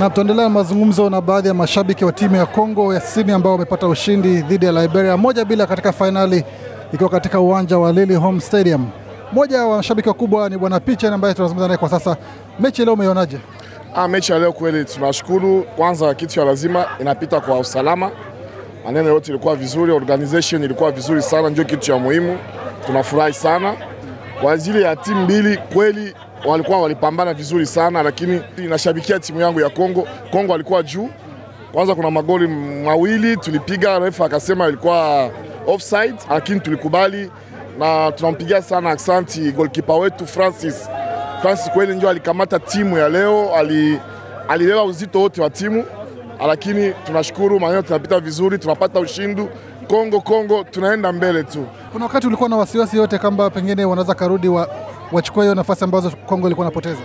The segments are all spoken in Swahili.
Na tuendelea na mazungumzo na baadhi ya mashabiki wa timu ya Kongo ya Kusini ambao wamepata ushindi dhidi ya Liberia moja bila katika fainali ikiwa katika uwanja wa Lily Home Stadium. Mmoja wa mashabiki wakubwa ni Bwana Picha ambaye tunazungumza naye kwa sasa. Mechi leo umeionaje? Ah, mechi ya leo kweli tunashukuru. Kwanza kitu ya lazima inapita kwa usalama, maneno yote ilikuwa vizuri, organization ilikuwa vizuri sana, ndio kitu cha muhimu. Tunafurahi sana kwa ajili ya timu mbili kweli walikuwa walipambana vizuri sana, lakini inashabikia timu yangu ya Kongo. Kongo alikuwa juu kwanza, kuna magoli mawili tulipiga, refa akasema ilikuwa offside, lakini tulikubali na tunampigia sana asanti golkipa wetu Francis. Francis kweli ndio alikamata timu ya leo, alilewa uzito wote wa timu, lakini tunashukuru, maneno tunapita vizuri, tunapata ushindi. Kongo Kongo, tunaenda mbele tu. Kuna wakati ulikuwa na wasiwasi yote kwamba pengine wanaweza karudi wa wachukua hiyo nafasi ambazo Kongo ilikuwa inapoteza?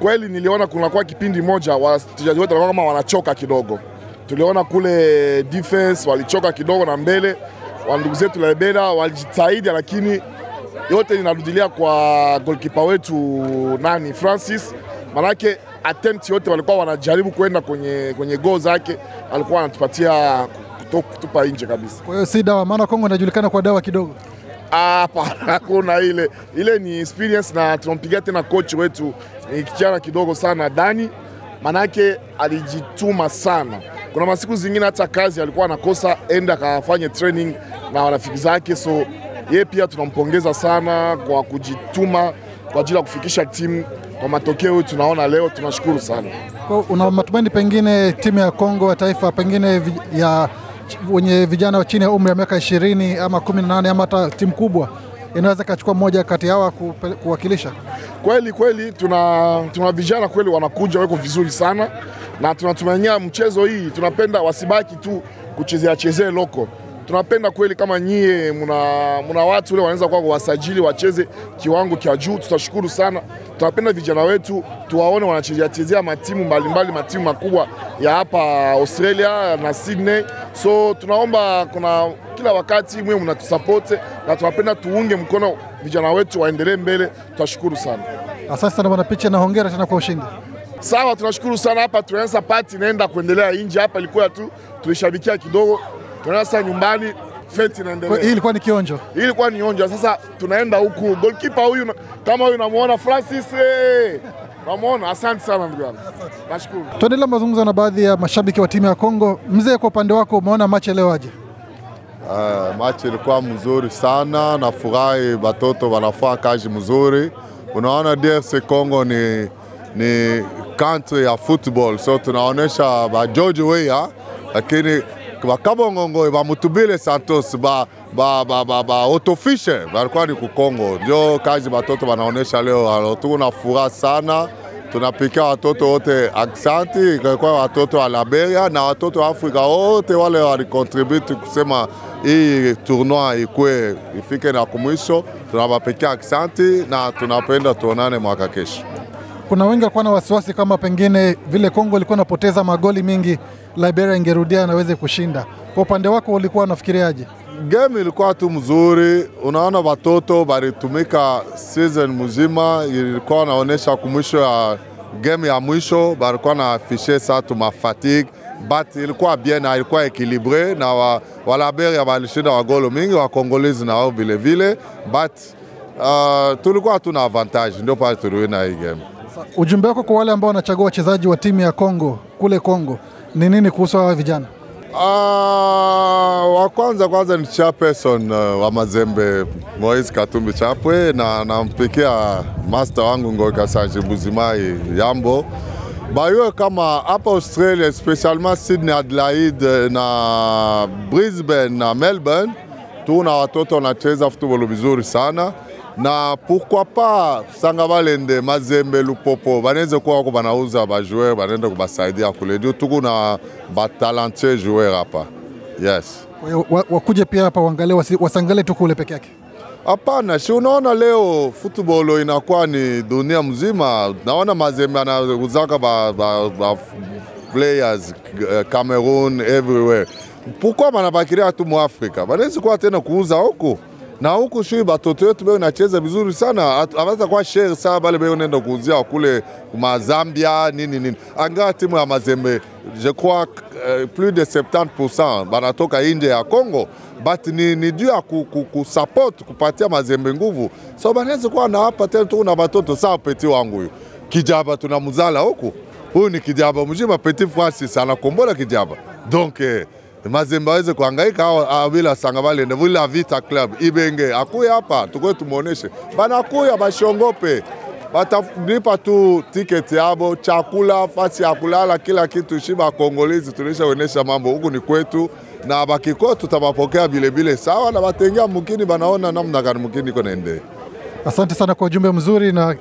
Kweli niliona kunakuwa kipindi moja wachezaji wetu walikuwa kama wanachoka kidogo, tuliona kule defense walichoka kidogo na mbele, wandugu zetu Lebeda walijitahidi, lakini yote inarudilia kwa golkipa wetu nani Francis, manake attempt yote walikuwa wanajaribu kwenda kwenye, kwenye goo zake, alikuwa anatupatia kutupa nje kabisa. Kwa hiyo si dawa, maana Kongo inajulikana kwa dawa kidogo hapa hakuna ile ile, ni experience na tunampigia tena coach wetu ni kijana kidogo sana Dani, manake alijituma sana. Kuna masiku zingine hata kazi alikuwa anakosa enda akafanye training na rafiki zake, so ye pia tunampongeza sana kwa kujituma kwa ajili ya kufikisha timu kwa matokeo tunaona leo, tunashukuru sana. Una matumaini pengine timu ya Kongo ya taifa pengine ya wenye vijana chini ya umri ya miaka ishirini ama kumi na nane ama hata timu kubwa inaweza ikachukua mmoja kati hawa kuwakilisha? Kweli kweli, tuna, tuna vijana kweli wanakuja, weko vizuri sana na tunatumania mchezo hii. Tunapenda wasibaki tu kuchezea chezee loko tunapenda kweli kama nyie muna, muna watu ule wanaweza kuwa wasajili wacheze kiwango cha juu, tutashukuru sana. Tunapenda vijana wetu tuwaone wanachezea chezea matimu mbalimbali, matimu makubwa ya hapa Australia na Sydney So tunaomba kuna kila wakati mwe mnatusapote na tunapenda tuunge mkono vijana wetu waendelee mbele, tutashukuru sana. Asante sana bwana Picha na hongera tena kwa ushindi. Sawa, tunashukuru sana. Hapa tunaanza pati inaenda kuendelea nje. Hapa ilikuwa tu tulishabikia kidogo, tunaanza sasa nyumbani, feti inaendelea. Hii ilikuwa ni kionjo, hii ilikuwa ni onjo. Sasa tunaenda huku, goalkeeper huyu kama huyu namuona Francis, hey! Eh! Wamwona, asante sana ndugu yangu, nashukuru. Tuendelea mazungumzo na baadhi ya mashabiki wa timu ya Kongo. Mzee, kwa upande wako umeona machi leo aje? Uh, ah, machi ilikuwa mzuri sana, nafurahi batoto wanafaa kazi mzuri. Unaona DRC Congo ni, ni country ya football, so tunaonesha ba George Weah, lakini bakabongongoe wamutubile Santos ba ba ba ba ba otofishe balikuwa ni kukongo, njo kazi batoto banaonesha leo. Alo, na furaha sana, tunapikia watoto wote aksanti, kwa watoto wa Liberia na watoto wa Afrika wote wale walikontribute kusema hii tournoi ikwe ifike na kumwisho. Tunawapikia aksanti na tunapenda tuonane mwaka kesho. Kuna wengi walikuwa na wasiwasi kama pengine vile Kongo ilikuwa inapoteza magoli mingi, Liberia ingerudia naweze kushinda. Kwa upande wako ulikuwa unafikiriaje? game ilikuwa tu mzuri, unaona watoto walitumika season mzima, ilikuwa naonesha kumwisho ya game ya mwisho walikuwa na fiche saa tu mafatigue but ilikuwa bien na ilikuwa ekilibre na wa, walaberia walishinda wagolo mingi wakongolezi na vile vilevile but uh, tulikuwa tuna avantage ndio pale tuliwina hii game. Ujumbe wako kwa wale ambao wanachagua wachezaji wa timu ya Kongo kule Kongo ni nini kuhusu hawa vijana? Ah, wa kwanza kwanza ni chairperson uh, wa Mazembe Moise Katumbi Chapwe, na nampikia master wangu Ngoyi Kasanji Buzimai yambo bayo kama hapa Australia, especially Sydney, Adelaide uh, na Brisbane na Melbourne, tuna watoto wanacheza football vizuri sana na pourquoi pas sanga balende mazembe lupopo baneze kuwako banauza bajoueur banende kubasaidia kule ndio tuku na batalentier joueur hapa yes. Wakuje pia hapa waangalie, wasangale tu kule peke yake? Hapana, si unaona leo futbolo inakuwa ni dunia mzima. Naona mazembe anauzaka ba, ba, ba players eh, Cameroon everywhere, pourquoi banabakiria tu mu Afrika banezi kuwa tena kuuza huko na huku shui batoto yetu beo inacheza vizuri sana, avasa kwa shere saa bale beo nenda kuuzia kule mazambia nini nini, angaa timu ya Mazembe je crois uh, plus de 70% banatoka inje ya Congo but ni, ni juu ya ku, ku, ku kupatia Mazembe nguvu, so banaweza kuwa na hapa tena tu na batoto saa peti wangu huyu kijaba tunamzala huku, huyu ni kijaba mjima Petit Francis anakombola kijaba donc eh, Mazembe aweze kuhangaika bila sangabale ndevu ila Vita Club Ibenge akuya hapa tukwe tumuoneshe banakuya bashiongope batalipa tu tiketi yabo, chakula, fasi ya kulala, kila kitu. Shi tulisha tulishaonesha mambo huku ni kwetu, na bakiko tutabapokea bilebile sawa, na batengea mukini banaona namna gani mukini iko naendea. Asante sana kwa ujumbe mzuri na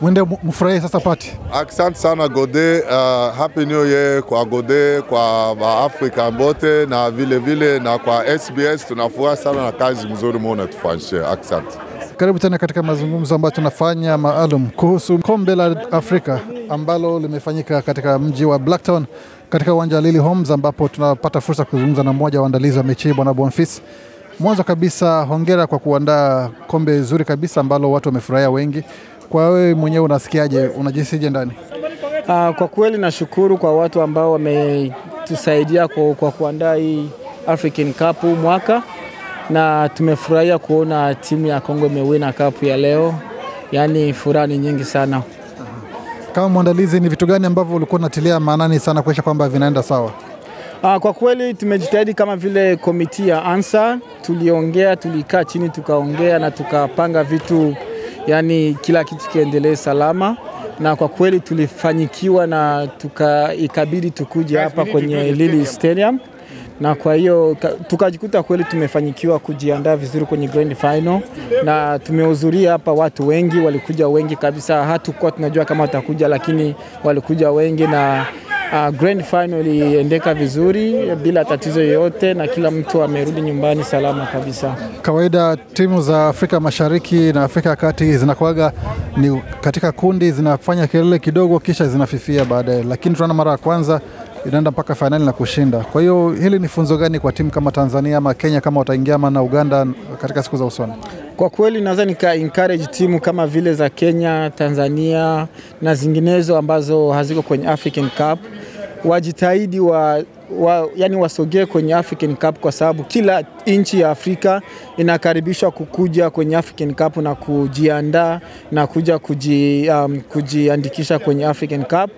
mwende mfurahie sasa pati. Asante sana Gode. Uh, happy new year kwa Gode, kwa Waafrika bote na vilevile vile, na kwa SBS tunafurahi sana na kazi mzuri mwa unatufanyishia. Asante. Karibu tena katika mazungumzo ambayo tunafanya maalum kuhusu kombe la Afrika ambalo limefanyika katika mji wa Blacktown katika uwanja wa Lily Homes, ambapo tunapata fursa kuzungumza na mmoja wa waandalizi wa mechi hii, Bwana Bonfis. Mwanzo kabisa, hongera kwa kuandaa kombe zuri kabisa ambalo watu wamefurahia wengi kwa wewe mwenyewe unasikiaje, unajisije ndani? Uh, kwa kweli nashukuru kwa watu ambao wametusaidia kwa, kwa kuandaa hii African Cup mwaka na tumefurahia kuona timu ya Kongo imewina cup ya leo, yaani furaha ni nyingi sana. Kama mwandalizi, ni vitu gani ambavyo ulikuwa unatilia maanani sana kuhakikisha kwamba vinaenda sawa? Aa, ah, kwa kweli tumejitahidi kama vile komiti ya Ansa, tuliongea, tulikaa chini tukaongea na tukapanga vitu yani kila kitu kiendelee salama na kwa kweli tulifanyikiwa na tuka, ikabidi tukuje hapa kwenye Lili Stadium na kwa hiyo tukajikuta kweli tumefanyikiwa kujiandaa vizuri kwenye grand final, na tumehudhuria hapa watu wengi, walikuja wengi kabisa. Hatukuwa tunajua kama watakuja, lakini walikuja wengi na Uh, grand final iliendeka vizuri bila tatizo yoyote na kila mtu amerudi nyumbani salama kabisa. Kawaida timu za Afrika Mashariki na Afrika ya Kati zinakuaga ni katika kundi, zinafanya kelele kidogo, kisha zinafifia baadaye, lakini tunaona mara ya kwanza inaenda mpaka fainali na kushinda. Kwa hiyo hili ni funzo gani kwa timu kama Tanzania ama Kenya kama wataingia ama na Uganda katika siku za usoni? Kwa kweli naweza nika encourage timu kama vile za Kenya, Tanzania na zinginezo ambazo haziko kwenye African Cup wajitahidi wa wa, yani wasogee kwenye African Cup kwa sababu kila nchi ya Afrika inakaribishwa kukuja kwenye African Cup na kujiandaa na kuja kuji, um, kujiandikisha kwenye African Cup.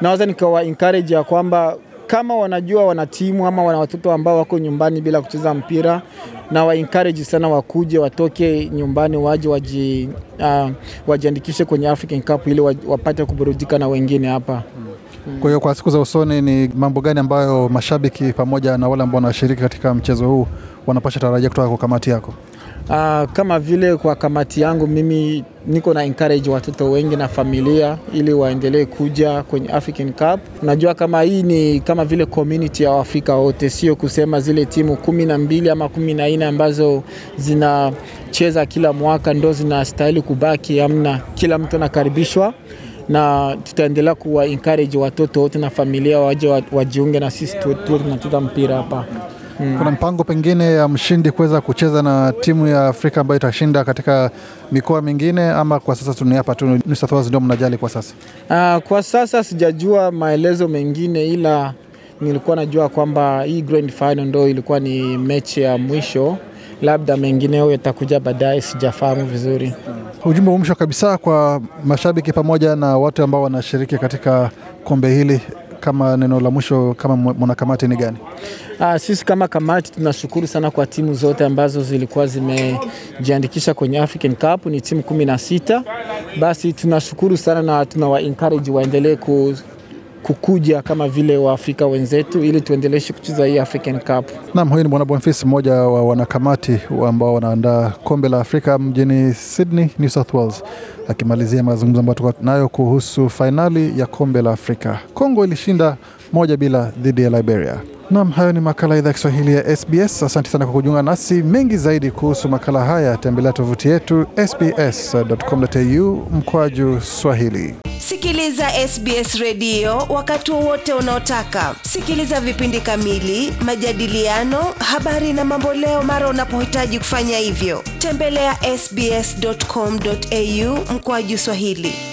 Naweza nikawa encourage ya kwamba kama wanajua wana timu ama wana watoto ambao wako nyumbani bila kucheza mpira, na wa encourage sana wakuje, watoke nyumbani, waje waji, uh, wajiandikishe kwenye African Cup ili wapate kuburudika na wengine hapa. Kwa hiyo kwa siku za usoni, ni mambo gani ambayo mashabiki pamoja na wale ambao wanashiriki katika mchezo huu wanapasha tarajia kutoka kwa kamati yako? Uh, kama vile kwa kamati yangu mimi niko na encourage watoto wengi na familia ili waendelee kuja kwenye African Cup. Unajua kama hii ni kama vile community ya Afrika wote, sio kusema zile timu kumi na mbili ama kumi na nne ambazo zinacheza kila mwaka ndo zinastahili kubaki. Amna, kila mtu anakaribishwa na tutaendelea kuwa encourage watoto wote na familia waje wajiunge na sisi, tuwe tunacheza mpira hapa. Hmm. Kuna mpango pengine ya mshindi kuweza kucheza na timu ya Afrika ambayo itashinda katika mikoa mingine ama kwa sasa tuni hapa tu New South Wales ndio mnajali kwa sasa? Uh, kwa sasa sijajua maelezo mengine ila nilikuwa najua kwamba hii grand final ndio ilikuwa ni mechi ya mwisho labda mengineo yatakuja baadaye, sijafahamu vizuri. Ujumbe wa mwisho kabisa kwa mashabiki pamoja na watu ambao wanashiriki katika kombe hili, kama neno la mwisho kama mwanakamati ni gani? Aa, ah, sisi kama kamati tunashukuru sana kwa timu zote ambazo zilikuwa zimejiandikisha kwenye African Cup, ni timu kumi na sita. Basi tunashukuru sana na tunawa encourage waendelee ku kukuja kama vile Waafrika wenzetu ili tuendeleshe kucheza hii African Cup. Naam, huyu ni Bwana Bonfils, mmoja wa wanakamati ambao wanaandaa kombe la Afrika mjini Sydney, New South Wales, akimalizia mazungumzo ambayo tuko nayo kuhusu fainali ya kombe la Afrika. Kongo ilishinda moja bila dhidi ya Liberia. Naam, hayo ni makala idhaa ya Kiswahili ya SBS. Asante sana kwa kujiunga nasi. Mengi zaidi kuhusu makala haya, tembelea tovuti yetu sbs.com.au mkwaju Swahili. Sikiliza SBS redio wakati wowote unaotaka. Sikiliza vipindi kamili, majadiliano, habari na mamboleo mara unapohitaji kufanya hivyo. Tembelea ya sbs.com.au mkoaju Swahili.